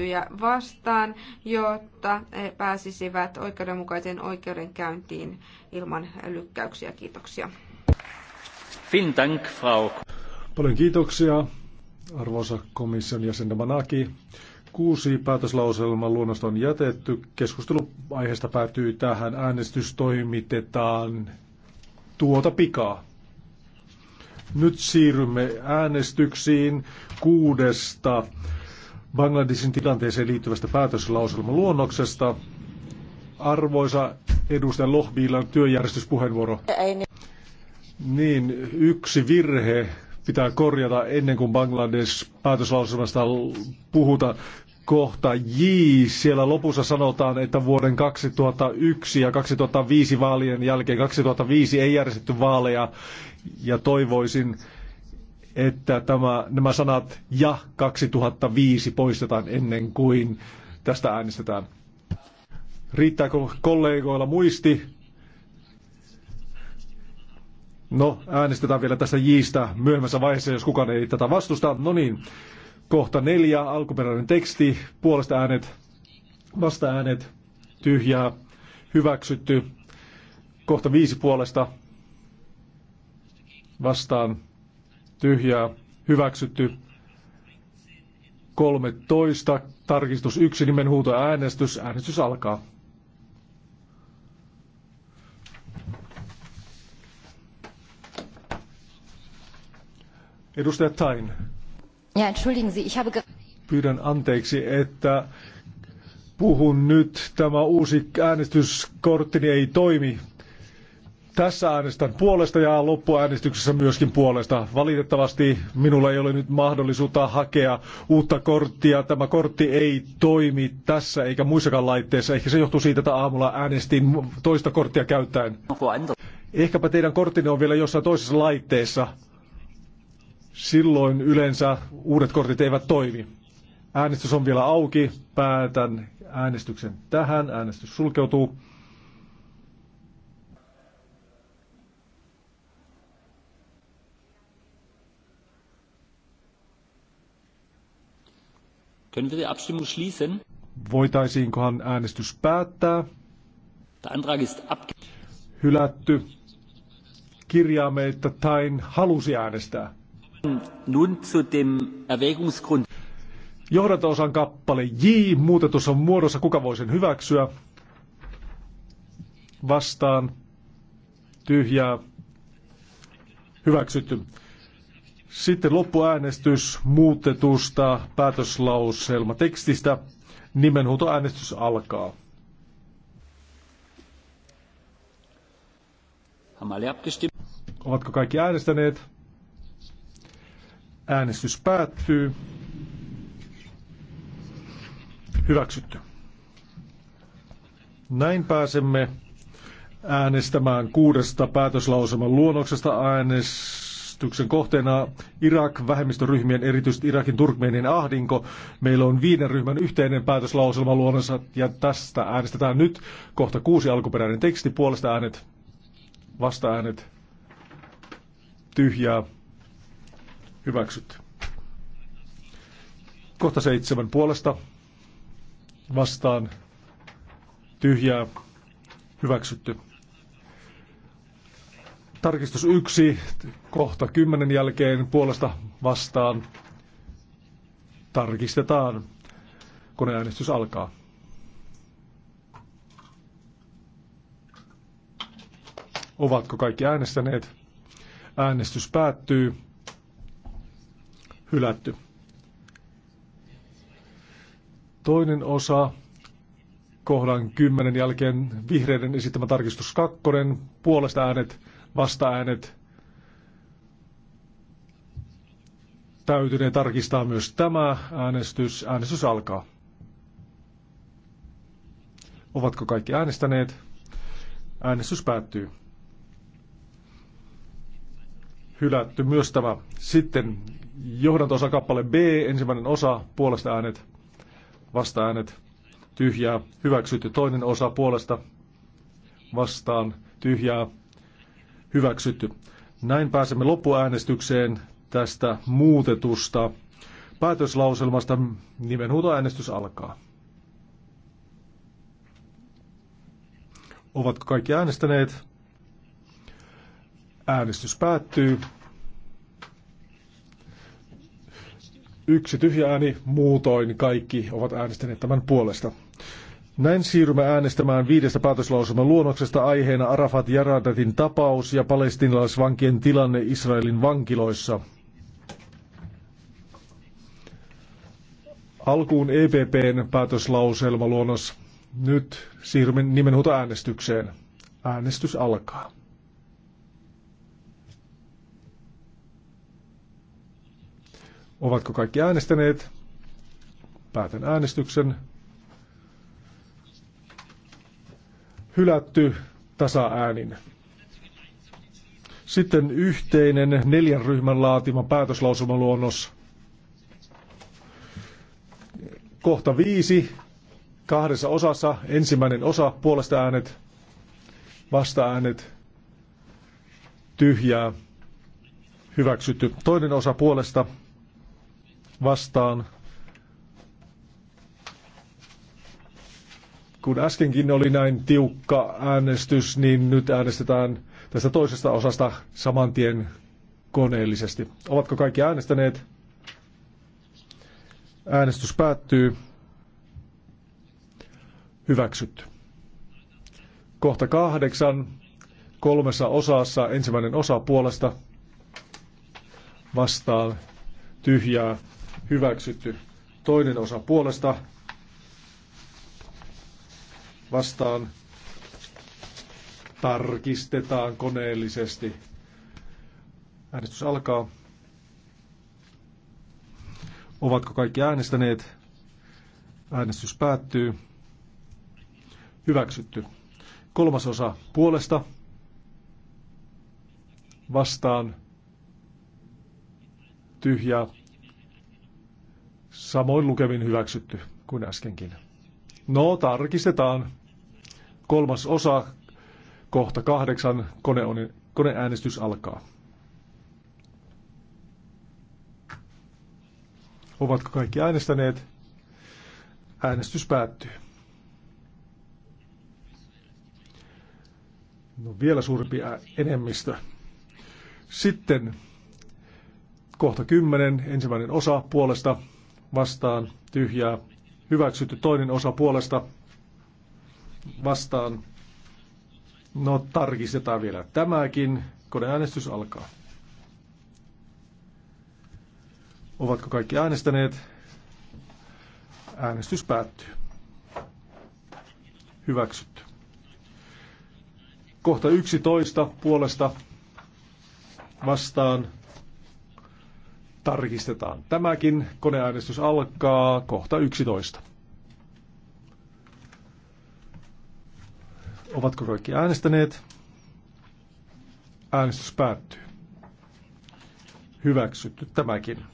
syytettyjä vastaan, jotta he pääsisivät oikeudenmukaiseen oikeudenkäyntiin ilman lykkäyksiä. Kiitoksia. Dank, Frau. Paljon kiitoksia, arvoisa komission jäsen Manaki. Kuusi päätöslauselman luonnosta on jätetty. Keskustelu aiheesta päätyy tähän. Äänestys toimitetaan tuota pikaa. Nyt siirrymme äänestyksiin kuudesta Bangladesin tilanteeseen liittyvästä päätöslauselmaluonnoksesta. Arvoisa edustaja Lohbiilan työjärjestyspuheenvuoro. Niin, yksi virhe pitää korjata ennen kuin Bangladesh päätöslauselmasta puhuta kohta J. Siellä lopussa sanotaan, että vuoden 2001 ja 2005 vaalien jälkeen 2005 ei järjestetty vaaleja ja toivoisin, että tämä, nämä sanat ja 2005 poistetaan ennen kuin tästä äänestetään. Riittääkö kollegoilla muisti? No, äänestetään vielä tästä jiistä myöhemmässä vaiheessa, jos kukaan ei tätä vastusta. No niin, kohta neljä, alkuperäinen teksti, puolesta äänet, vasta äänet, tyhjää, hyväksytty. Kohta viisi puolesta, vastaan, tyhjää hyväksytty 13, tarkistus 1, nimenhuuto äänestys, äänestys alkaa. Edustaja Tain. Ja, entschuldigen Sie, ich habe... Pyydän anteeksi, että puhun nyt. Tämä uusi äänestyskorttini ei toimi. Tässä äänestän puolesta ja loppuäänestyksessä myöskin puolesta. Valitettavasti minulla ei ole nyt mahdollisuutta hakea uutta korttia. Tämä kortti ei toimi tässä eikä muissakaan laitteissa. Ehkä se johtuu siitä, että aamulla äänestin toista korttia käyttäen. Ehkäpä teidän korttinne on vielä jossain toisessa laitteessa. Silloin yleensä uudet kortit eivät toimi. Äänestys on vielä auki. Päätän äänestyksen tähän. Äänestys sulkeutuu. Können wir die Abstimmung schließen? Voitaisiinkohan äänestys päättää? Der Antrag ist abge- Hylätty. Kirjaamme, että Tain halusi äänestää. Nun zu dem Erwägungsgrund. Johdanto-osan kappale J muutetussa muodossa, kuka voi sen hyväksyä? Vastaan. Tyhjää. Hyväksytty. Sitten loppuäänestys muutetusta päätöslauselmatekstistä. Nimenhuutoäänestys alkaa. Ovatko kaikki äänestäneet? Äänestys päättyy. Hyväksytty. Näin pääsemme äänestämään kuudesta päätöslauselman luonnoksesta äänestys. Kiinnostuksen kohteena Irak-vähemmistöryhmien, erityisesti Irakin turkmeenien ahdinko. Meillä on viiden ryhmän yhteinen päätöslauselma luonnossa ja tästä äänestetään nyt kohta kuusi alkuperäinen teksti, puolesta äänet, vasta äänet, tyhjää, hyväksytty. Kohta seitsemän puolesta, vastaan, tyhjää, hyväksytty. Tarkistus yksi kohta kymmenen jälkeen puolesta vastaan tarkistetaan. Koneäänestys alkaa. Ovatko kaikki äänestäneet? Äänestys päättyy. Hylätty. Toinen osa kohdan kymmenen jälkeen vihreiden esittämä tarkistus kakkonen Puolesta äänet vasta-äänet täytyneen tarkistaa myös tämä äänestys. Äänestys alkaa. Ovatko kaikki äänestäneet? Äänestys päättyy. Hylätty myös tämä. Sitten osa kappale B, ensimmäinen osa, puolesta äänet, vasta äänet, tyhjää, hyväksytty toinen osa puolesta, vastaan, tyhjää, hyväksytty. Näin pääsemme loppuäänestykseen tästä muutetusta päätöslauselmasta. Nimenhuutoäänestys alkaa. Ovatko kaikki äänestäneet? Äänestys päättyy. Yksi tyhjä ääni, muutoin kaikki ovat äänestäneet tämän puolesta. Näin siirrymme äänestämään viidestä päätöslausuman luonnoksesta aiheena Arafat Jaradatin tapaus ja palestinalaisvankien tilanne Israelin vankiloissa. Alkuun EPPn päätöslauselma luonnos. Nyt siirrymme nimenhuuto äänestykseen. Äänestys alkaa. Ovatko kaikki äänestäneet? Päätän äänestyksen. hylätty tasaäänin. Sitten yhteinen neljän ryhmän laatima päätöslausumaluonnos. Kohta viisi, kahdessa osassa. Ensimmäinen osa, puolesta äänet, vasta äänet, tyhjää, hyväksytty. Toinen osa puolesta, vastaan, Kun äskenkin oli näin tiukka äänestys, niin nyt äänestetään tästä toisesta osasta saman tien koneellisesti. Ovatko kaikki äänestäneet? Äänestys päättyy. Hyväksytty. Kohta kahdeksan kolmessa osassa. Ensimmäinen osa puolesta vastaan tyhjää hyväksytty. Toinen osa puolesta vastaan tarkistetaan koneellisesti. Äänestys alkaa. Ovatko kaikki äänestäneet? Äänestys päättyy. Hyväksytty. Kolmas osa puolesta. Vastaan. tyhjä Samoin lukemin hyväksytty kuin äskenkin. No, tarkistetaan. Kolmas osa, kohta kahdeksan, kone on, koneäänestys alkaa. Ovatko kaikki äänestäneet? Äänestys päättyy. No vielä suurempi enemmistö. Sitten kohta kymmenen ensimmäinen osa puolesta vastaan, tyhjää, hyväksytty toinen osa puolesta vastaan. No tarkistetaan vielä tämäkin. Koneäänestys alkaa. Ovatko kaikki äänestäneet? Äänestys päättyy. Hyväksytty. Kohta 11 puolesta vastaan tarkistetaan. Tämäkin koneäänestys alkaa kohta 11. Ovatko kaikki äänestäneet? Äänestys päättyy. Hyväksytty tämäkin.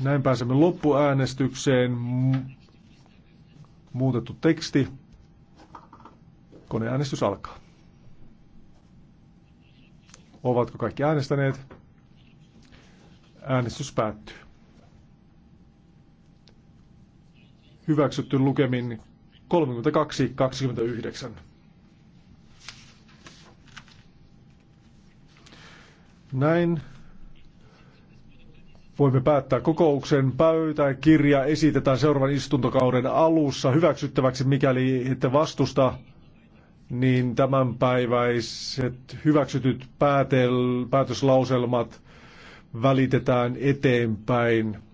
Näin pääsemme loppuäänestykseen. Muutettu teksti. Koneäänestys alkaa. Ovatko kaikki äänestäneet? Äänestys päättyy. Hyväksytty lukemin 32-29. Näin voimme päättää kokouksen pöytäkirja esitetään seuraavan istuntokauden alussa hyväksyttäväksi, mikäli ette vastusta, niin tämänpäiväiset hyväksytyt päätel, päätöslauselmat välitetään eteenpäin